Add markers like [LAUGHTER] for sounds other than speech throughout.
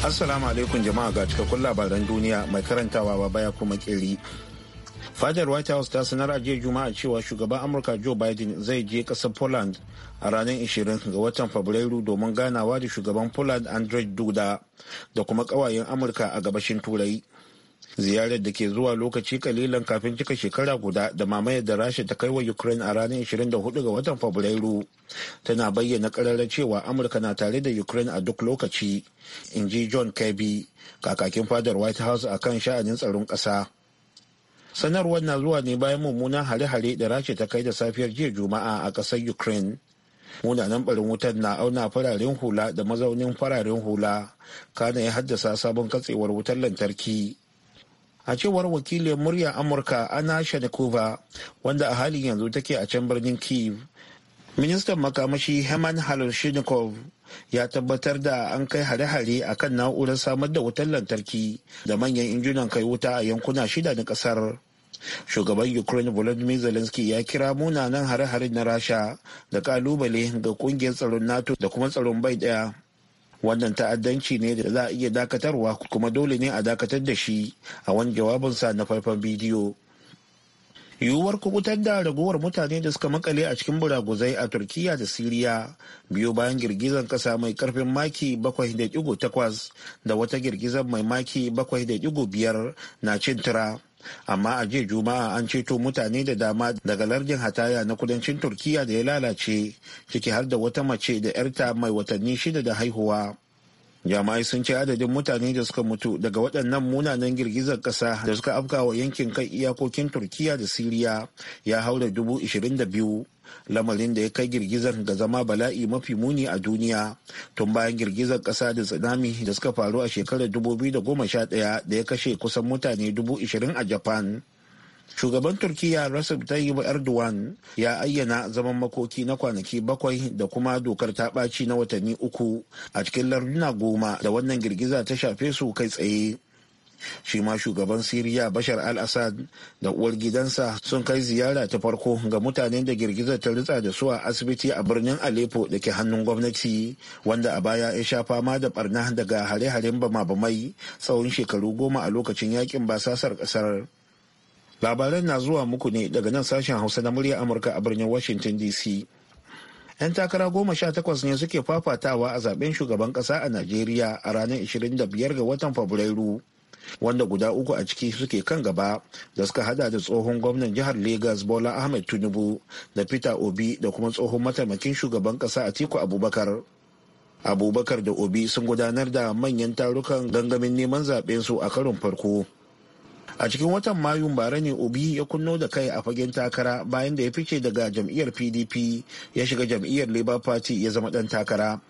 Assalamu alaikum jama'a ga cikakkun labaran duniya mai karantawa baya kuma kiri. Fadar White House ta sanar a jiya Juma'a cewa shugaban Amurka Joe Biden zai je kasar Poland a ranar 20 ga watan Fabrairu domin ganawa da shugaban Poland Andrzej Duda da kuma ƙawayen Amurka a gabashin Turai. ziyarar da ke zuwa lokaci kalilan kafin cika shekara guda da mamayar da rasha ta kai wa ukraine a ranar 24 ga watan fabrairu tana bayyana karara cewa amurka na tare da ukraine a duk lokaci in ji john kirby kakakin fadar white house a kan sha'anin tsaron ƙasa sanarwar na zuwa ne bayan mummunan hare-hare da rasha ta kai da safiyar jiya juma'a a ƙasar ukraine munanan barin wutar na auna fararen hula da mazaunin fararen hula kana ya haddasa sabon katsewar wutar lantarki a cewar wakilin murya amurka ana shanikova wanda a halin yanzu take a can birnin kiev ministan makamashi heman halushinikov ya tabbatar da an kai hare-hare a kan na'urar samar da wutar lantarki da manyan injunan kai wuta a yankuna shida na kasar shugaban ukraine volodymyr zelensky ya kira munanan hare-hare na rasha da kalubale ga kungiyar tsaron nato da kuma tsaron bai daya wannan ta'addanci ne da za a iya dakatarwa kuma dole ne a dakatar da shi a wani jawabinsa na faifan bidiyo yiwuwar kubutar da ragowar mutane da suka makale a cikin buraguzai a turkiya da siriya biyu bayan girgizar kasa mai karfin maki 7.8 da wata girgizar mai maki 7.5 na cin tura amma a jiya juma'a an ceto mutane da dama daga lardin hataya na kudancin turkiya da ya lalace ciki har da wata mace da 'yarta mai watanni shida da haihuwa jama'ai sun ce adadin mutane da suka mutu daga waɗannan munanan girgizar ƙasa da suka afkawa yankin kai iyakokin turkiya da siriya ya hau da dubu ishirin da biyu lamarin da ya kai girgizar ga zama bala'i mafi muni a duniya tun bayan girgizar kasa da tsunami da suka faru a shekarar 2011 da ya kashe kusan mutane 20,000 a japan shugaban turkiya rasul tayyip erdogan ya ayyana zaman makoki na kwanaki bakwai da kuma dokar ta ɓaci na watanni uku a cikin larduna goma da wannan girgiza ta shafe su kai tsaye shi ma shugaban siriya bashar al-assad da uwar gidansa sun kai ziyara ta farko ga mutanen da girgizar ta ritsa da su a asibiti a birnin aleppo da ke hannun gwamnati wanda a baya ya sha fama da barna daga hare-haren bama-bamai tsawon shekaru goma a lokacin yakin basasar kasar labaran na zuwa muku ne daga nan sashen hausa na murya amurka a birnin washington dc 'yan takara goma sha takwas ne suke fafatawa a zaben shugaban kasa a najeriya a ranar 25 ga watan fabrairu wanda guda uku a ciki suke kan gaba da suka hada da tsohon gwamnan jihar Legas Bola Ahmed Tinubu da Peter Obi da kuma tsohon mataimakin shugaban kasa Atiku Abubakar. Abubakar da Obi sun gudanar da manyan tarukan gangamin neman zaɓen su a karon farko. A cikin watan Mayun bara ne Obi ya kunno da kai a fagen takara bayan da ya fice daga jam'iyyar PDP ya shiga jam'iyyar Labour Party ya zama ɗan takara.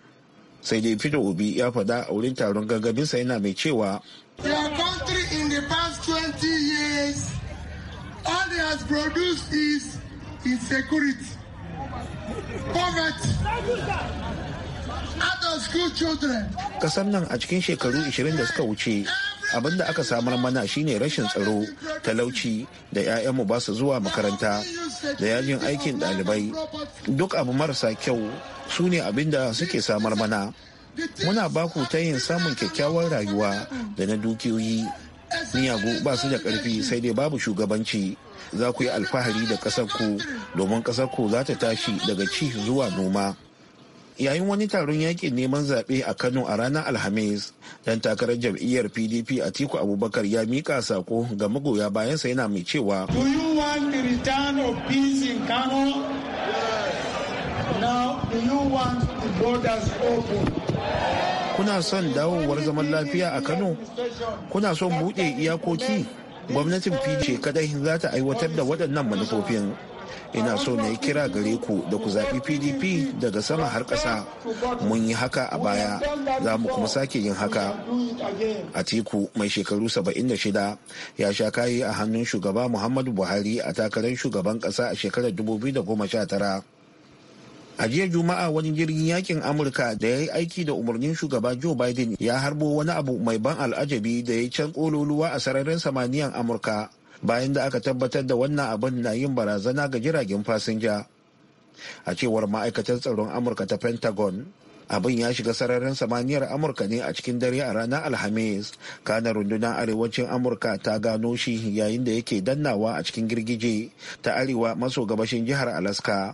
sai dai peter obi ya faɗa a wurin taron gangaminsa yana mai cewa Your country in the past 20 years, all it has produced is insecurity, poverty, out of school children. Kasar nan a cikin shekaru 20 da suka wuce abin da aka samar mana shine rashin tsaro talauci da 'ya'yanmu ba su zuwa makaranta da yajin aikin ɗalibai duk abu marasa kyau su ne abin da suke samar mana muna baku ta yin samun kyakkyawar rayuwa da na dukiyoyi miyagu ba su da ƙarfi sai dai babu shugabanci za ku yi alfahari da ƙasarku domin ƙasarku za ta tashi daga ci zuwa noma. yayin wani taron yakin neman zaɓe a kano a ranar alhamis dan takarar jam'iyyar pdp a atiku abubakar ya mika sako ga magoya bayansa yana mai cewa do you want the return of peace in kano now do you want the borders open kuna son dawowar zaman lafiya a kano kuna son buɗe iyakoki gwamnatin fice kadai za ta aiwatar da waɗannan manufofin ina so na yi kira gare ku da ku zaɓi pdp daga sama har ƙasa mun yi haka a baya za mu kuma sake yin haka a teku mai shekaru 76 ya sha kayi a hannun shugaba muhammadu buhari a takarar shugaban ƙasa a shekarar 2019 a jiya juma'a wani jirgin yakin amurka da ya yi aiki da umarnin shugaba joe biden ya harbo wani abu mai ban al'ajabi da ya can kololuwa a sararin samaniyan amurka bayan da aka tabbatar da wannan abin na yin barazana ga jiragen fasinja a cewar ma'aikatar tsaron amurka ta pentagon abin ya shiga sararin samaniyar amurka ne a cikin dare a ranar alhamis kanar rundunar arewacin amurka ta gano shi yayin da yake dannawa a cikin girgije ta arewa maso gabashin jihar alaska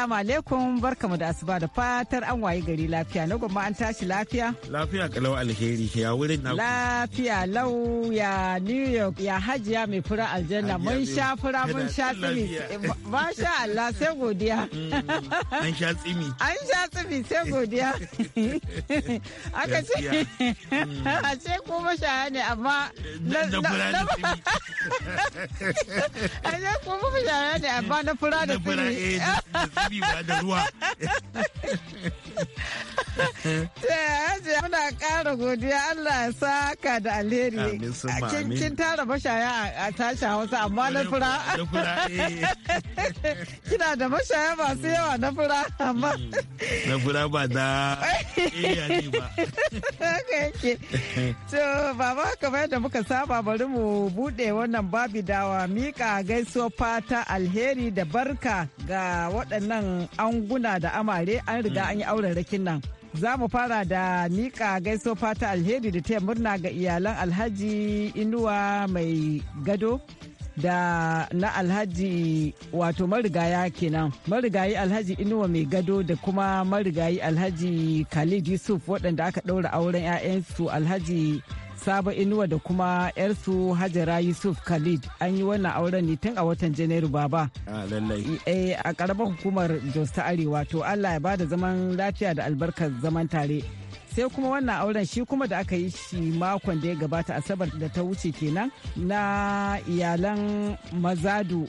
Assalamu alaikum barkamu da asuba da fatar an wayi gari lafiya na gwamma an tashi lafiya. Lafiya kalau alheri ya wurin na Lafiya lau ya New York ya hajiya mai fura aljanna mun sha fura mun sha tsimi. Masha Allah sai godiya. Mm. An sha tsimi. An sha tsimi sai godiya. [LAUGHS] Aka ce a ce ko mashaya ne amma. Na fura da tsimi. A ce ko mashaya ne amma na fura eh, da tsimi. shafi da ruwa. [LAUGHS] muna ƙara godiya Allah ya saka da alheri. Kin tara mashaya a tashi Hausa amma na fura. Eh. [LAUGHS] Kina da mashaya masu yawa na fura amma. Hmm. Na fura ba da iya [LAUGHS] ba. Haka yake. To baba kamar da muka saba bari mu buɗe wannan babi dawa mika gaisuwa fata alheri da barka ga waɗannan an anguna da amare an riga an yi auren rakin nan. Za mu fara da miƙa gaiso ta alheri da taya murna ga iyalan Alhaji Inuwa mai gado da na Alhaji wato marigaya kenan. Marigayi Alhaji Inuwa mai gado da kuma marigayi Alhaji Khalid Yusuf waɗanda aka ɗaura auren 'ya'yansu Alhaji Saba Inuwa da kuma yarsu Hajara Yusuf Khalid an yi wannan auren ne tun a watan Janairu baba. Ah, eh, a lallai. a hukumar Jos ta Arewa to Allah ya bada zaman lafiya da albarkar zaman tare. sai kuma wannan auren shi kuma da aka yi shi makon da ya gabata asabar da ta wuce kenan na iyalan mazadu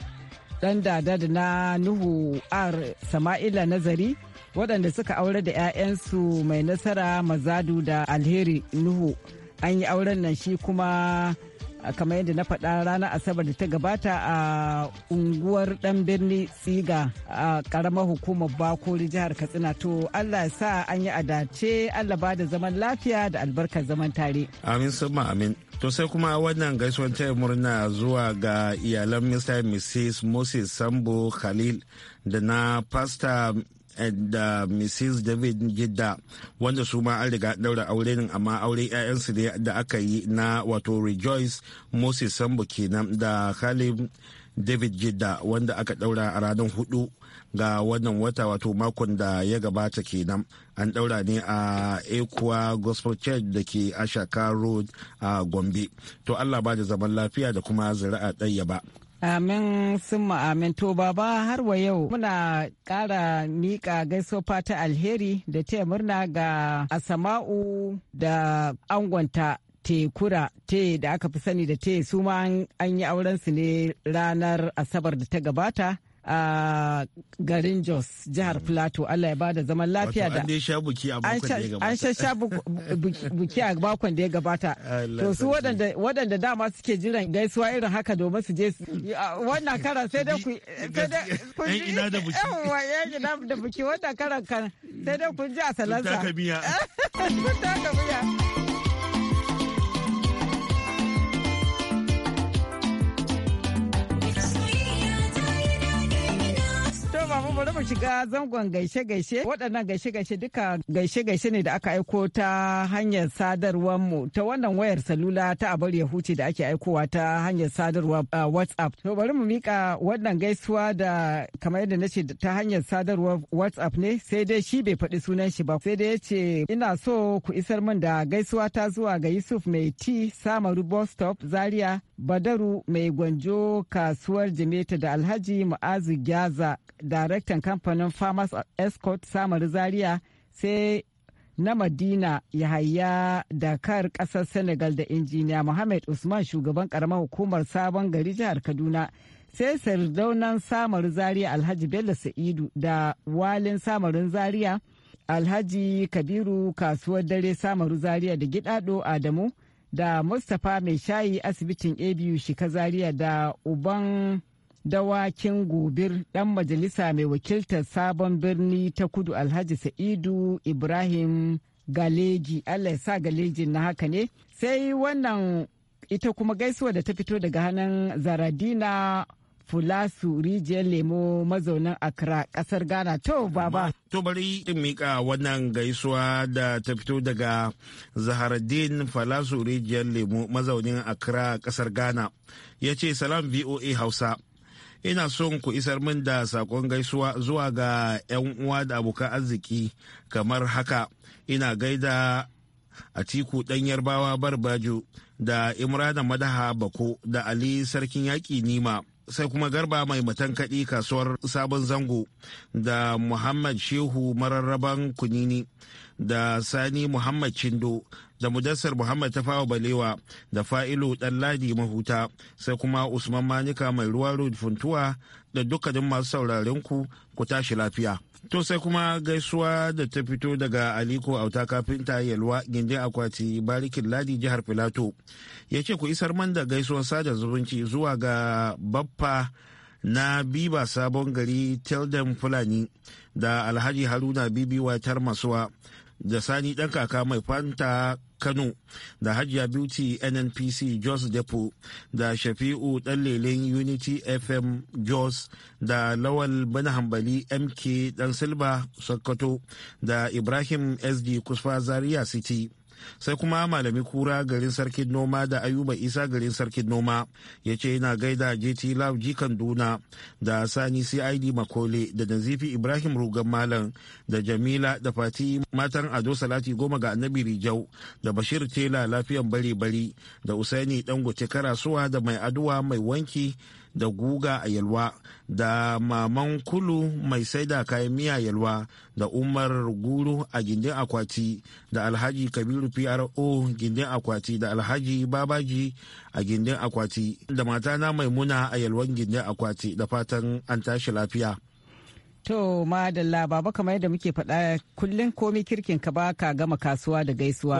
dan dada da na nuhu r sama'ila nazari waɗanda suka aure da 'ya'yansu mai nasara mazadu da alheri nuhu an yi auren nan shi kuma kamar yadda na faɗa ranar asabar da ta gabata a unguwar ɗan birni tsiga a ƙaramar hukumar bakori jihar katsina to allah sa an yi adace allah ba da zaman lafiya da albarkar zaman tare amin sama amin to sai kuma wannan gaisuwan taya murna zuwa ga iyalan mr mrs moses sambo khalil da na pastor da uh, mrs david gidda wanda su ma an riga daura aure amma aure 'ya'yansu ne da aka yi na wato rejoice moses sambo kenan da khalid david gidda wanda aka daura a ranar hudu ga wannan wata wato makon da ya gabata kenan an daura ne a ekuwa gospel church da ke ashaka road a gombe to allah ba da zaman lafiya da kuma zira'a ɗaya ba Amin sun amin to baba har wa yau muna ƙara miƙa gaiso fata alheri da taya murna ga asama'u da angonta kura te da aka fi sani da te su an yi aurensu ne ranar asabar da ta gabata a garin Jos jihar mm. Plateau Allah ya bada zaman lafiya da an sha buki a bakon da ya gabata [LAUGHS] to su waɗanda dama suke jiran gaisuwa irin haka domin su je wannan karan sai dai ku eh, ji ina da buki yan da buki wannan karan sai dai ku ji a salansa [LAUGHS] yau bari mu shiga zangon gaishe-gaishe waɗannan gaishe-gaishe duka gaishe-gaishe ne da aka aiko ta hanyar sadarwar mu ta wannan wayar salula ta abar ya huce da ake aikowa ta hanyar sadarwa whatsapp to bari mu mika wannan gaisuwa da kamar yadda na ce ta hanyar sadarwar whatsapp ne sai dai shi bai faɗi sunan shi ba sai dai ya ce ina so ku isar min da gaisuwa ta zuwa ga yusuf mai ti samaru bus stop zaria badaru mai gwanjo kasuwar jimeta da alhaji mu'azu gyaza daraktan kamfanin farmers escort samar zaria sai na madina ya haya dakar kasar senegal da injiniya mohammed usman shugaban karamar hukumar sabon gari jihar kaduna sai sardaunan samar zaria alhaji bello sa'idu da walin samarin zaria alhaji kabiru kasuwar dare samaru zaria da gidado adamu da mustapha mai shayi asibitin abu shika zaria da uban dawakin gobir dan majalisa mai wakiltar sabon birni ta kudu alhaji sa'idu ibrahim galeji allah sa galejin na haka ne sai wannan ita kuma gaisuwa da ta fito daga hannun zaradina fulasu rijiyar lemo mazaunin accra kasar ghana to baba to bari in mika wannan gaisuwa da ta fito daga zaharaddin falasu rijiyar lemo mazaunin accra kasar ghana ya ce salam voa hausa ina son ku isar min da sakon gaisuwa zuwa ga 'yan uwa da abokan arziki kamar haka ina gaida a tiku ɗan yarbawa barbajo da imrana madaha bako da ali sarkin yaƙi nima sai kuma garba mai matankaɗi kasuwar sabon zango da muhammad shehu mararraban kunini da sani muhammad chindo da mudassar muhammad tafawa balewa da fa'ilu ladi mahuta sai kuma usman manika mai ruwa funtuwa da dukkanin masu sauraren ku ku tashi lafiya to sai kuma gaisuwa da ta fito daga aliko auta kafinta yalwa gindin akwati barikin ladi jihar filato ya ce ku isar man da gaisuwar sada zumunci zuwa ga baffa na biba sabon gari tilden fulani da alhaji haruna bibi watar masuwa da sani ɗan kaka mai fanta kano da hajiya beauty nnpc jos depo da shafi'u dan lelen unity fm jos da lawal bani hambali mk dan silba sokoto da ibrahim sd kusfa zaria city sai kuma malami kura garin sarkin noma da ayuba isa garin sarkin noma ya ce yana gaida jt love jikan duna da sani cid makole da nazifi ibrahim rugan malam da jamila da fati matan ado salati goma ga annabi rijau da bashir tela lafiyan bari bari da usaini dangote karasuwa da mai aduwa mai wanki da guga a yalwa da maman kulu mai saida kayan miya yalwa da umar guru a gindin akwati da alhaji kabiru pro gindin akwati da alhaji babaji a gindin akwati da matana maimuna a yalwan gindin akwati da fatan an tashi lafiya To madalla baba kamar yadda muke faɗa kullum komi kirkin ka ba ka gama kasuwa da gaisuwa.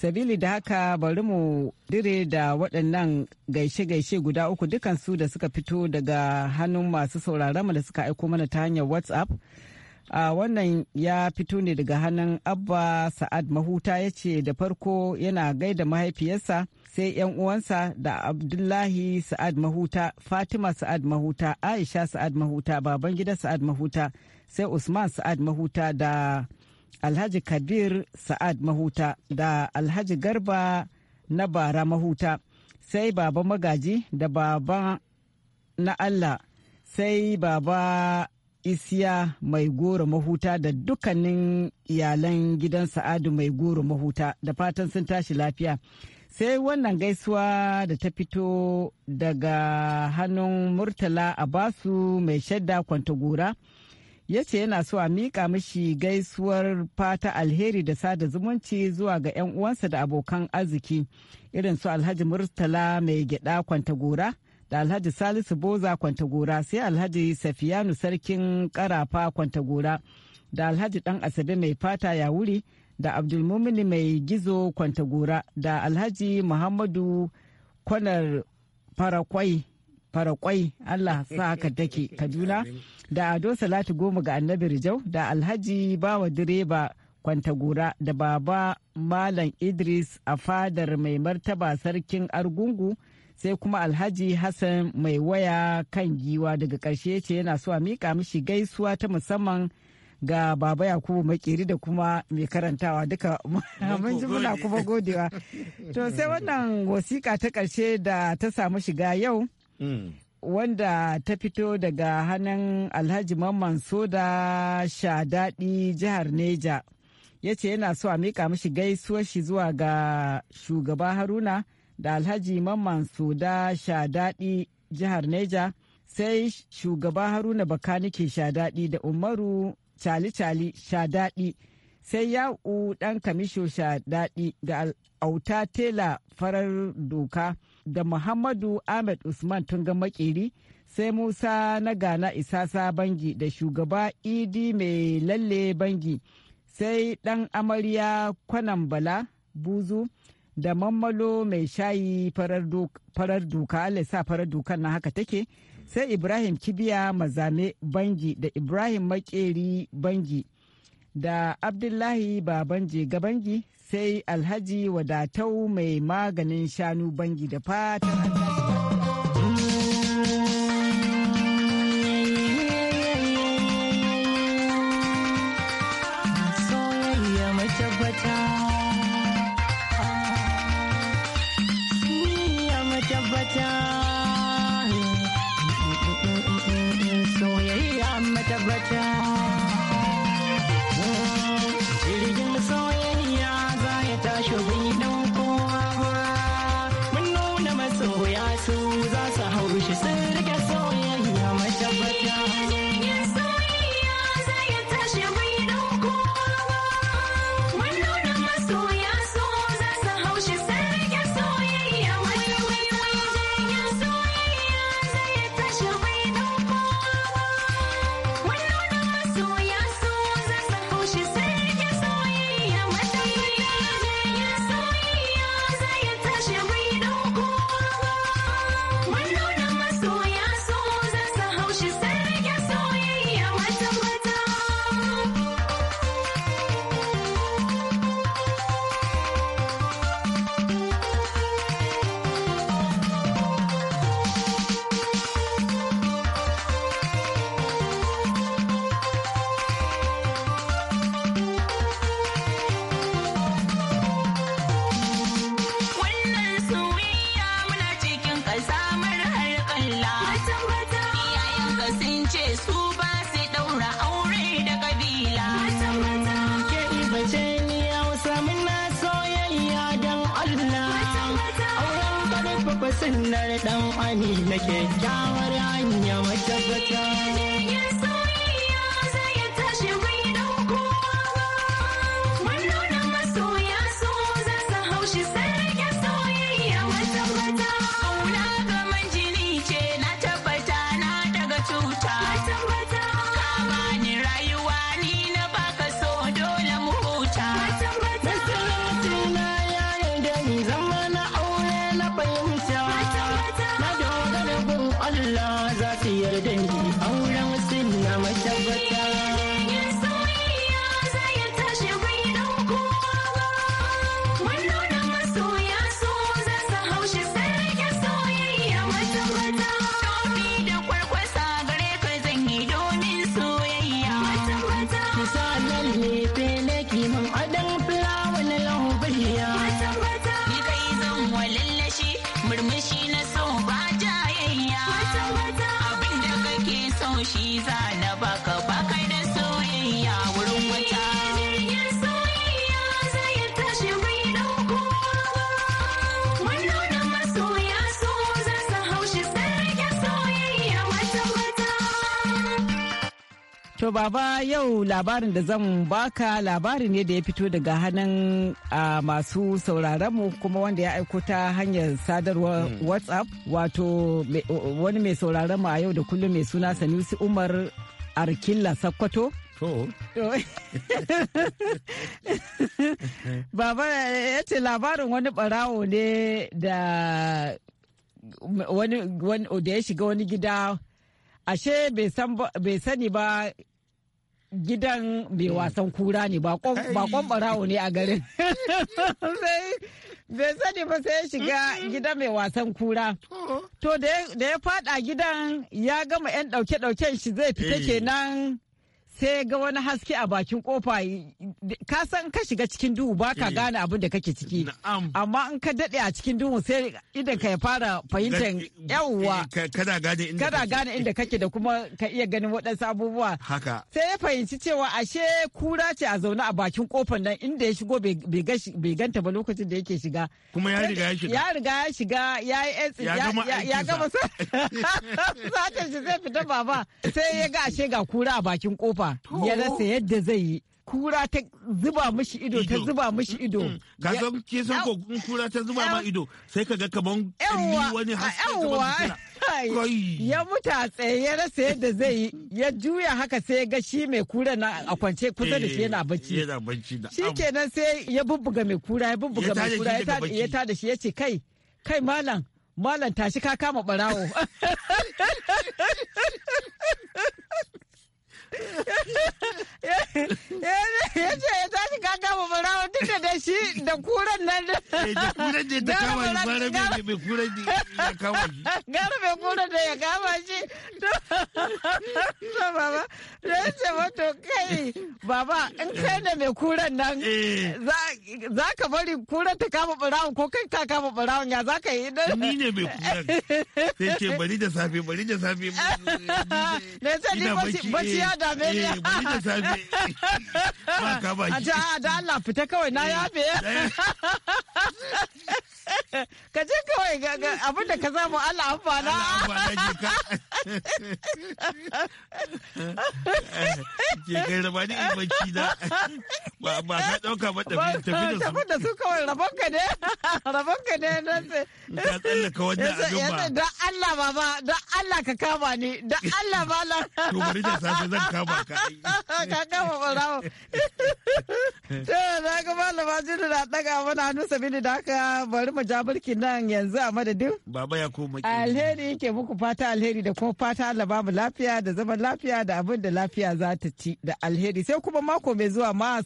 sabili da haka bari mu dire da waɗannan gaishe-gaishe guda uku dukansu da suka fito daga hannun masu sauraronmu da suka aiko mana ta hanyar whatsapp a wannan ya fito ne daga hannun abba sa'ad mahuta ya ce da farko yana gaida mahaifiyarsa sai 'yan uwansa da abdullahi sa'ad mahuta fatima sa'ad mahuta aisha sa'ad mahuta babangida sa'ad mahuta sai usman sa'ad mahuta da alhaji kabir sa'ad mahuta da alhaji garba na bara mahuta sai baba magaji da baba na allah sai baba isiya mai goro mahuta da dukkanin iyalan gidan sa'adu mai goro mahuta da fatan sun tashi lafiya sai wannan gaisuwa da ta fito daga hannun murtala abasu mai shadda kwantagora ya ce yana so a miƙa mashi gaisuwar fata alheri da sada zumunci zuwa ga 'yan uwansa da abokan arziki irin su alhaji murtala mai gyada kwantagora da alhaji salisu boza kwantagora sai alhaji safiyanu sarkin karafa kwantagora da alhaji dan asabe mai fata ya wuri da abdulmumini mai gizo kwantagora da alhaji muhammadu kwanar farakwai farakwai Allah [LAUGHS] sa haka take Kaduna da Ado Salatu Goma ga Annabi Rijau da Alhaji Bawa Direba Kwantagora da Baba Malam Idris a fadar mai martaba sarkin Argungu sai kuma Alhaji Hassan mai waya kan giwa daga karshe ce yana so a mika mishi gaisuwa ta musamman ga baba yakubu makeri da kuma mai karantawa duka [LAUGHS] mun ji muna kuma godewa [LAUGHS] to sai wannan wasiƙa ta karshe da ta samu shiga yau wanda ta fito daga hannun alhaji mamman soda shadaɗi jihar neja ya ce yana so a miƙa mishi gaisuwar shi zuwa ga shugaba haruna da alhaji mamman soda daɗi jihar neja sai shugaba haruna bakanike shadaɗi da umaru cali-cali shadaɗi sai ya'u ɗan kamisho shadaɗi da auta tela farar doka da Muhammadu Ahmed Usman tun Tunga Makeri sai Musa na Gana Isasa Bangi da shugaba Idi mai lalle Bangi sai ɗan amarya kwanan bala buzu da mammalo mai shayi farar duka Allah sa farar dukan na haka take sai Ibrahim Kibiya Mazame Bangi da Ibrahim Makeri Bangi da Abdullahi ga bangi. sai alhaji wadatau mai maganin shanu bangi da fatan tabbasin na dan amina kyakkyawar hanya matabbata. To baba yau labarin da zan baka labari ne da ya fito daga hannun masu sauraronmu kuma wanda ya aiko ta hanyar sadarwar hmm. WhatsApp wato wani mai sauraronmu a yau da kullum mai suna Sanusi Umar Arkilla Sakkwato. [LAUGHS] Baba ya ce labarin wani barawo ne da wani da ya shiga wani gida ashe bai sani ba gidan mai wasan kura ne bakon barawo ne a garin [LAUGHS] bai sani ba sai ya shiga gidan mai wasan kura to da ya fada gidan ya gama 'yan ɗauke-ɗauken shi zai fita eh. kenan sai ga wani haske a bakin kofa ka san ka shiga cikin duhu ba ka eh. gane abin da kake ciki amma in ka dade a cikin duhu sai idan ka ya fara fahimtar eh, yawwa eh, kada gane inda kake da kuma ka iya ganin waɗansu abubuwa sai ya fahimci cewa ashe kura ce a zaune a bakin kofar nan inda ya shigo bai ganta ba lokacin da yake shiga kuma ya riga ya shiga ya riga ya shiga ya yi ya gama sa [LAUGHS] shi zai fita baba sai ya ga ashe ga kura a bakin kofa ya rasa yadda zai yi kura ta zuba mishi ido ta zuba mishi mm, ido mm, mm. ka san ke san ko kura ta zuba ma ido sai ka ga kaman wani haske kaman ya mutu a tsaye ya rasa yadda zai yi ya juya haka sai ya ga shi mai kura na a kwance kusa da shi eh, yana bacci shi kenan sai ya bubbuga mai kura ya bubbuga mai kura ya tada shi ya ce kai kai malam malam tashi ka kama barawo [LAUGHS] yace ya tashi kaka ba duka da shi da kuran nan eh, da kuran da ta kama shi bara mai mai da ya kama shi gara mai kuran da ya kama shi to baba ya ce wato kai baba in kai ne mai kuran nan eh. za ka bari kura ta kama barawa ko kai ka kama barawa ya za ka yi dan ni ne mai kuran sai ce bari da safe bari da safe [LAUGHS] na ce ni ya eh. da Eh, [LAUGHS] a ni da safe ba fita kawai na eh, yabe eh. [LAUGHS] ka je kawai abin da ka samu Allah amfana [LAUGHS] ke kai raba ni in na ba ka ba tafi da su tafi da su kawai rabon ka ne rabon ka ne ka tsallaka wannan Allah Allah ka kama ni Allah to bari da safe zan kama kama [LAUGHS] ka ka kama barawo to na ga malama jini na daga mana hannu sabili da haka bari mu ja burki nan yanzu a madadin baba ya koma alheri yake muku fata alheri da kuma fata Allah ba mu lafiya da zaman lafiya da abin da lafiya za ta ci da alheri sai kuma mako mai zuwa ma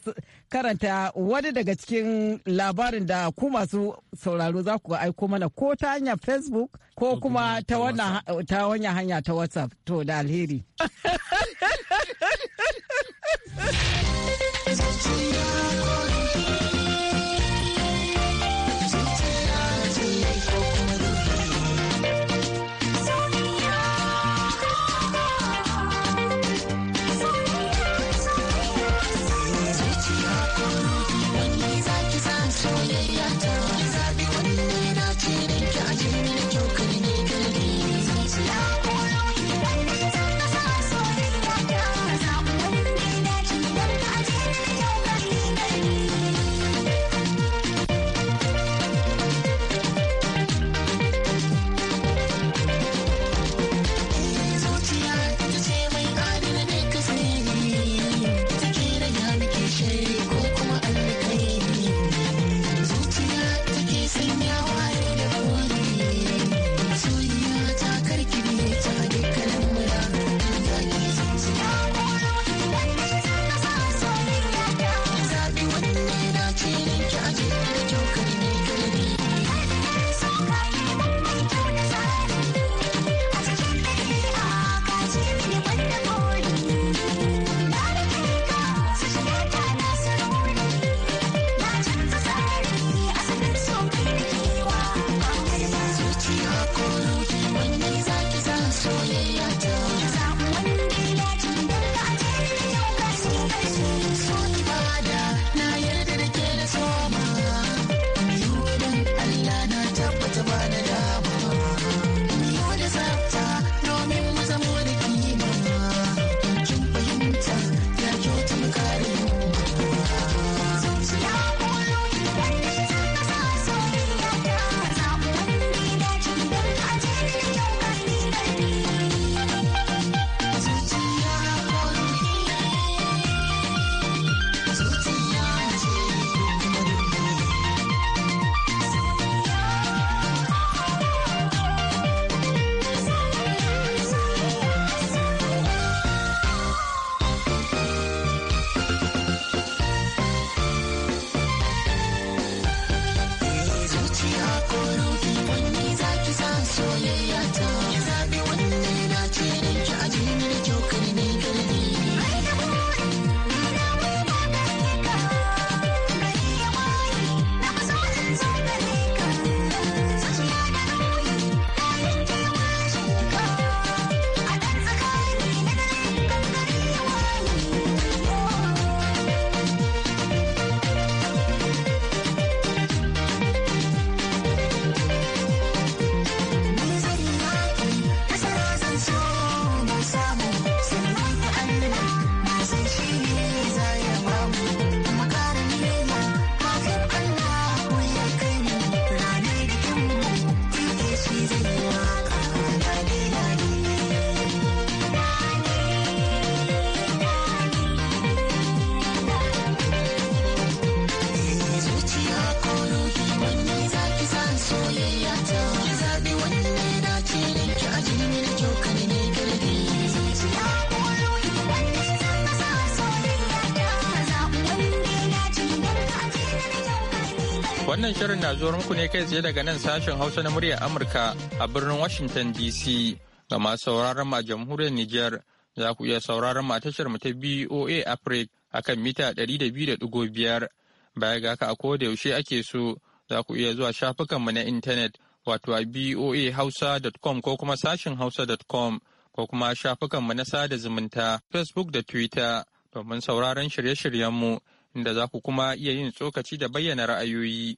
karanta wani daga cikin labarin da ku masu sauraro za ku aiko mana ko ta hanyar facebook ko kuma ta wannan hanya ta whatsapp to da alheri [LAUGHS] wannan shirin na zuwa muku ne kai tsaye daga nan sashen Hausa na muryar Amurka a birnin Washington DC ga masu sauraron ma jamhuriyar Nijar za ku iya sauraron ma tashar mu ta BOA Africa kan mita 200.5 baya ga haka a koda yaushe ake so za ku iya zuwa shafukan mu na intanet wato a boahausa.com ko kuma sashen hausa.com ko kuma shafukanmu na sada zumunta Facebook da Twitter domin sauraron shirye-shiryenmu inda za ku kuma iya yin tsokaci da bayyana ra'ayoyi.